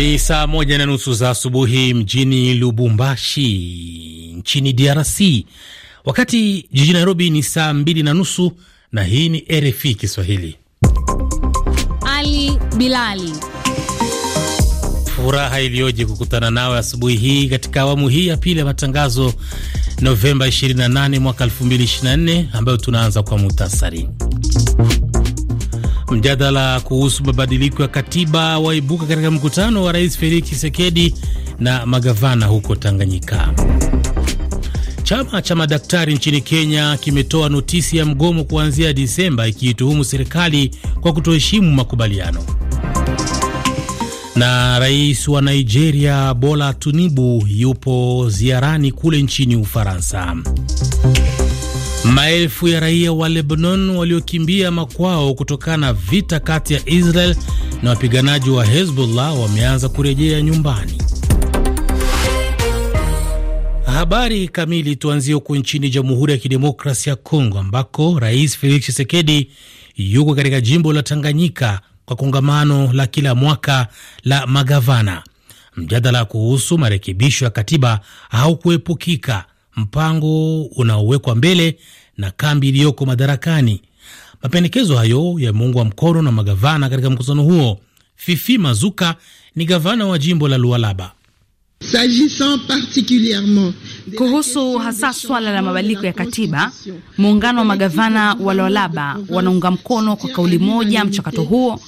Ni saa moja na nusu za asubuhi mjini Lubumbashi nchini DRC, wakati jijini Nairobi ni saa mbili na nusu na hii ni RFI Kiswahili. Ali Bilali, furaha iliyoje kukutana nawe asubuhi hii katika awamu hii ya pili ya matangazo Novemba 28 mwaka 2024, ambayo tunaanza kwa muhtasari Mjadala kuhusu mabadiliko ya katiba waibuka katika mkutano wa Rais Felix Tshisekedi na magavana huko Tanganyika. Chama cha madaktari nchini Kenya kimetoa notisi ya mgomo kuanzia Disemba, ikiituhumu serikali kwa kutoheshimu makubaliano. Na rais wa Nigeria Bola Tinubu yupo ziarani kule nchini Ufaransa. Maelfu ya raia wa Lebanon waliokimbia makwao kutokana na vita kati ya Israel na wapiganaji wa Hezbollah wameanza kurejea nyumbani. Habari kamili tuanzie huko nchini Jamhuri ya Kidemokrasia ya Kongo ambako Rais Felix Tshisekedi yuko katika jimbo la Tanganyika kwa kongamano la kila mwaka la magavana. Mjadala kuhusu marekebisho ya katiba haukuepukika mpango unaowekwa mbele na kambi iliyoko madarakani. Mapendekezo hayo yameungwa mkono na magavana katika mkutano huo. Fifi Mazuka ni gavana wa jimbo la Lualaba. Kuhusu hasa swala la mabadiliko ya katiba, muungano wa magavana wa Lolaba wanaunga mkono kwa kauli moja mchakato huo,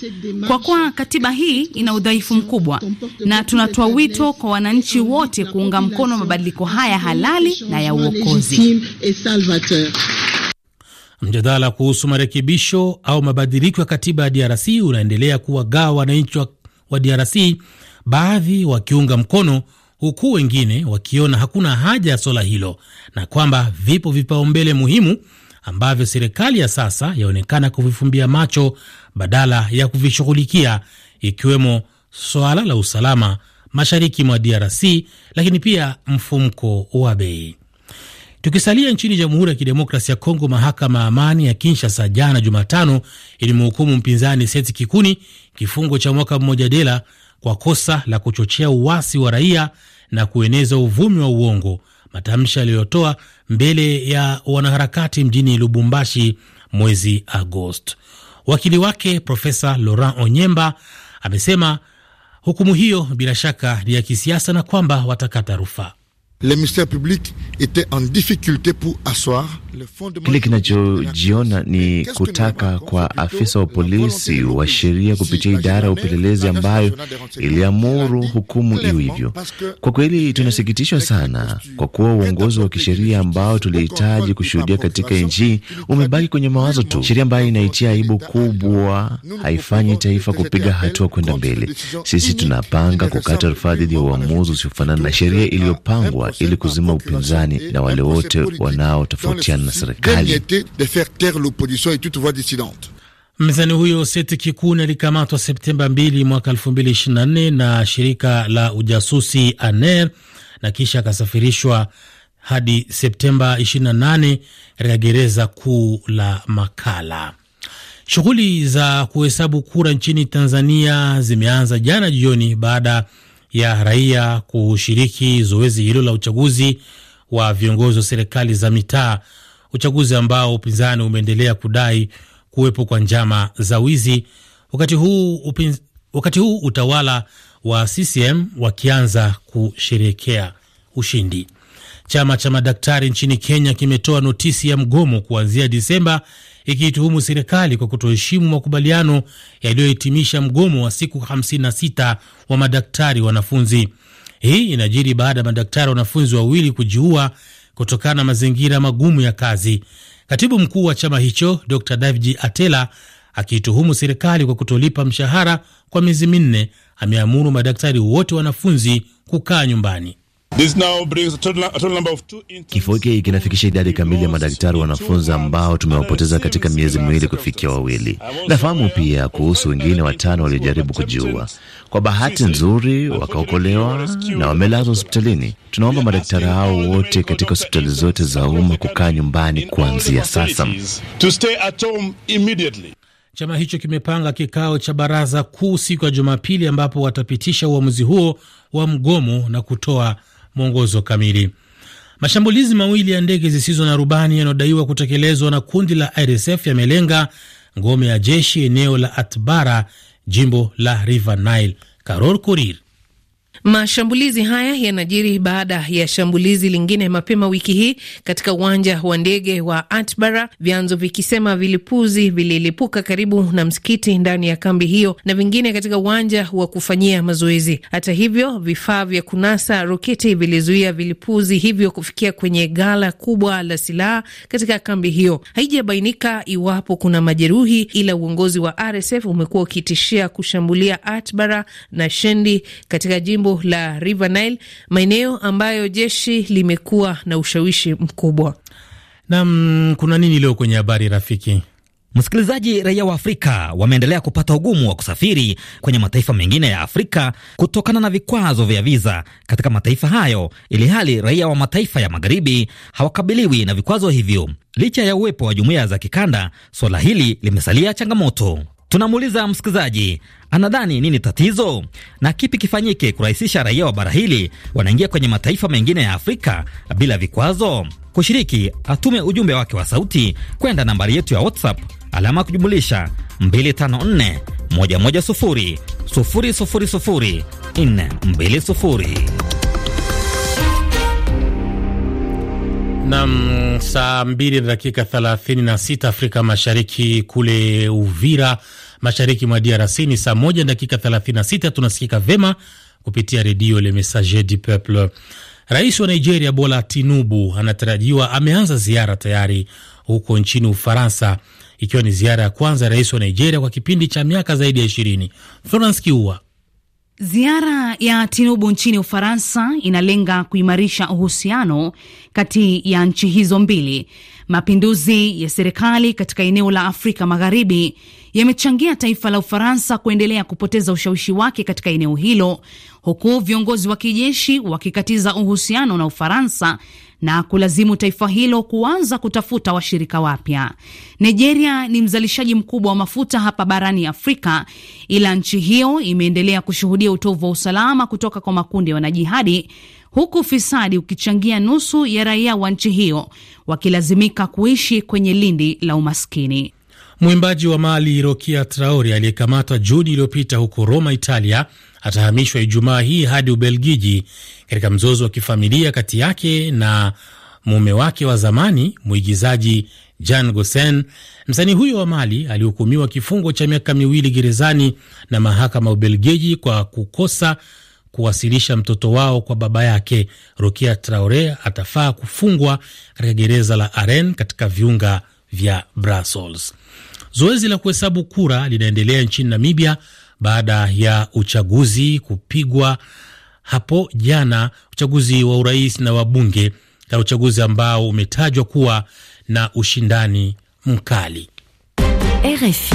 kwa kuwa katiba hii ina udhaifu mkubwa, na tunatoa wito kwa wananchi wote kuunga mkono mabadiliko haya halali na ya uokozi. Mjadala kuhusu marekebisho au mabadiliko ya katiba ya DRC unaendelea kuwagawa wananchi wa DRC, baadhi wakiunga mkono huku wengine wakiona hakuna haja ya swala hilo na kwamba vipo vipaumbele muhimu ambavyo serikali ya sasa yaonekana kuvifumbia macho badala ya kuvishughulikia, ikiwemo swala la usalama mashariki mwa DRC, lakini pia mfumko wa bei. Tukisalia nchini Jamhuri ya Kidemokrasi ya Kongo, mahakama ya amani ya Kinshasa jana Jumatano ilimhukumu mpinzani Seti Kikuni kifungo cha mwaka mmoja dela kwa kosa la kuchochea uwasi wa raia na kueneza uvumi wa uongo, matamshi aliyotoa mbele ya wanaharakati mjini Lubumbashi mwezi Agosti. Wakili wake Profesa Laurent Onyemba amesema hukumu hiyo bila shaka ni ya kisiasa na kwamba watakata rufaa le ministère public était en difficulté pour asseoir Kile kinachojiona ni kutaka kwa afisa wa polisi wa sheria kupitia idara ya upelelezi ambayo iliamuru hukumu iwe hivyo. Kwa kweli tunasikitishwa sana kwa kuwa uongozi wa kisheria ambao tulihitaji kushuhudia katika nchi umebaki kwenye mawazo tu, sheria ambayo inaitia aibu kubwa, haifanyi taifa kupiga hatua kwenda mbele. Sisi tunapanga kukata rufaa dhidi ya uamuzi usiofanana na sheria iliyopangwa ili kuzima upinzani na wale wote wanaotofautiana na serikali. Mpinzani huyo Seth Kikuni alikamatwa Septemba 2 mwaka 2024 na shirika la ujasusi ANER na kisha akasafirishwa hadi Septemba 28 katika gereza kuu la Makala. Shughuli za kuhesabu kura nchini Tanzania zimeanza jana jioni baada ya raia kushiriki zoezi hilo la uchaguzi wa viongozi wa serikali za mitaa, uchaguzi ambao upinzani umeendelea kudai kuwepo kwa njama za wizi, wakati huu upinz... wakati huu utawala wa CCM wakianza kusherehekea ushindi. Chama cha madaktari nchini Kenya kimetoa notisi ya mgomo kuanzia Disemba ikiituhumu serikali kwa kutoheshimu makubaliano yaliyohitimisha mgomo wa siku 56 wa madaktari wanafunzi. Hii inajiri baada ya madaktari wanafunzi wawili kujiua kutokana na mazingira magumu ya kazi. Katibu mkuu wa chama hicho Dr David Atela akiituhumu serikali kwa kutolipa mshahara kwa miezi minne, ameamuru madaktari wote wanafunzi kukaa nyumbani. Kifo hiki kinafikisha idadi kamili ya madaktari wanafunzi ambao tumewapoteza katika miezi miwili kufikia wawili. Nafahamu pia kuhusu wengine watano waliojaribu kujiua. Kwa bahati nzuri, wakaokolewa na wamelazwa hospitalini. Tunaomba madaktari hao wote katika hospitali zote za umma kukaa nyumbani kuanzia sasa. Chama hicho kimepanga kikao cha baraza kuu siku ya Jumapili ambapo watapitisha uamuzi huo wa mgomo na kutoa mwongozo kamili. Mashambulizi mawili ya ndege zisizo na rubani yanayodaiwa kutekelezwa na kundi la RSF yamelenga ngome ya jeshi eneo la Atbara, jimbo la River Nile. Karor Korir Mashambulizi haya yanajiri baada ya shambulizi lingine mapema wiki hii katika uwanja wa ndege wa Atbara, vyanzo vikisema vilipuzi vililipuka karibu na msikiti ndani ya kambi hiyo na vingine katika uwanja wa kufanyia mazoezi. Hata hivyo, vifaa vya kunasa roketi vilizuia vilipuzi hivyo kufikia kwenye ghala kubwa la silaha katika kambi hiyo. Haijabainika iwapo kuna majeruhi, ila uongozi wa RSF umekuwa ukitishia kushambulia Atbara na Shendi katika jimbo jimbo la River Nile, maeneo ambayo jeshi limekuwa na ushawishi mkubwa. Nam, kuna nini leo kwenye habari rafiki? Msikilizaji, raia wa Afrika wameendelea kupata ugumu wa kusafiri kwenye mataifa mengine ya Afrika kutokana na vikwazo vya viza katika mataifa hayo, ili hali raia wa mataifa ya magharibi hawakabiliwi na vikwazo hivyo. Licha ya uwepo wa jumuiya za kikanda, suala hili limesalia changamoto. Tunamuuliza msikilizaji anadhani nini tatizo na kipi kifanyike kurahisisha raia wa bara hili wanaingia kwenye mataifa mengine ya Afrika bila vikwazo. Kushiriki atume ujumbe wake wa sauti kwenda nambari yetu ya WhatsApp alama ya kujumulisha 254 110 000 420. Nam, mm, saa mbili na dakika thelathini na sita Afrika Mashariki. Kule Uvira, mashariki mwa DRC ni saa moja na dakika thelathini na sita Tunasikika vema kupitia redio Le Messager du Peuple. Rais wa Nigeria Bola Tinubu anatarajiwa ameanza ziara tayari huko nchini Ufaransa, ikiwa ni ziara ya kwanza ya rais wa Nigeria kwa kipindi cha miaka zaidi ya ishirini. Florence Kiua Ziara ya Tinubu nchini Ufaransa inalenga kuimarisha uhusiano kati ya nchi hizo mbili. Mapinduzi ya serikali katika eneo la Afrika Magharibi yamechangia taifa la Ufaransa kuendelea kupoteza ushawishi wake katika eneo hilo, huku viongozi wa kijeshi wakikatiza uhusiano na Ufaransa na kulazimu taifa hilo kuanza kutafuta washirika wapya. Nigeria ni mzalishaji mkubwa wa mafuta hapa barani Afrika, ila nchi hiyo imeendelea kushuhudia utovu wa usalama kutoka kwa makundi ya wanajihadi huku fisadi ukichangia nusu ya raia wa nchi hiyo wakilazimika kuishi kwenye lindi la umaskini. Mwimbaji wa Mali Rokia Traore aliyekamatwa Juni iliyopita huko Roma, Italia, atahamishwa Ijumaa hii hadi Ubelgiji katika mzozo wa kifamilia kati yake na mume wake wa zamani mwigizaji Jan Gosen. Msanii huyo wa Mali alihukumiwa kifungo cha miaka miwili gerezani na mahakama ya Ubelgiji kwa kukosa kuwasilisha mtoto wao kwa baba yake. Rokia Traore atafaa kufungwa katika gereza la Aren katika viunga vya Brussels. Zoezi la kuhesabu kura linaendelea nchini Namibia baada ya uchaguzi kupigwa hapo jana, uchaguzi wa urais na wabunge, na uchaguzi ambao umetajwa kuwa na ushindani mkali. RFI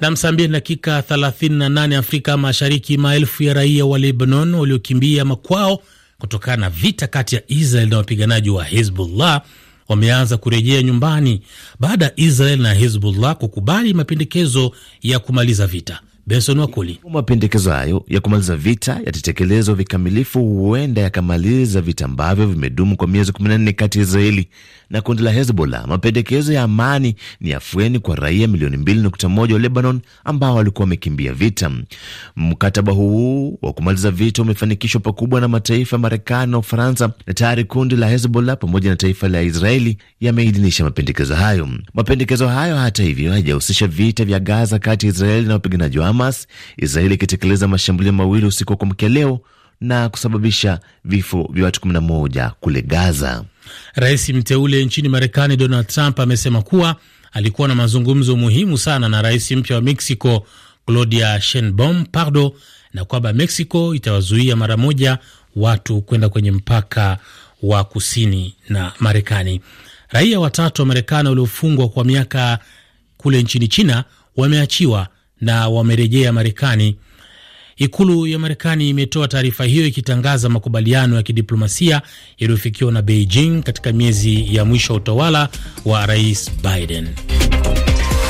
na saa mbili dakika 38 Afrika Mashariki. Maelfu ya raia wa Lebanon waliokimbia makwao kutokana na vita kati ya Israel na wapiganaji wa Hezbollah wameanza kurejea nyumbani baada ya Israel na Hezbollah kukubali mapendekezo ya kumaliza vita. Benson Wakuli. Mapendekezo hayo ya kumaliza vita yatatekelezwa vikamilifu, huenda yakamaliza vita ambavyo vimedumu kwa miezi 14 kati ya Israeli na kundi la Hezbollah. Mapendekezo ya amani ni afueni kwa raia milioni 2.1 wa Lebanon ambao walikuwa wamekimbia vita. Mkataba huu wa kumaliza vita umefanikishwa pakubwa na mataifa ya Marekani na Ufaransa, na tayari kundi la Hezbollah pamoja na taifa la Israeli yameidhinisha mapendekezo hayo. Mapendekezo hayo hata hivyo hayajahusisha vita vya Gaza kati ya Israeli na wapiganaji wa Hamas, Israeli ikitekeleza mashambulio mawili usiku wa kuamkia leo na kusababisha vifo vya watu 11 kule Gaza. Rais mteule nchini Marekani Donald Trump amesema kuwa alikuwa na mazungumzo muhimu sana na rais mpya wa Mexico Claudia Sheinbaum Pardo na kwamba Mexico itawazuia mara moja watu kwenda kwenye mpaka wa kusini na Marekani. Raia watatu wa Marekani waliofungwa kwa miaka kule nchini China wameachiwa na wamerejea Marekani. Ikulu ya Marekani imetoa taarifa hiyo ikitangaza makubaliano ya kidiplomasia yaliyofikiwa na Beijing katika miezi ya mwisho wa utawala wa Rais Biden.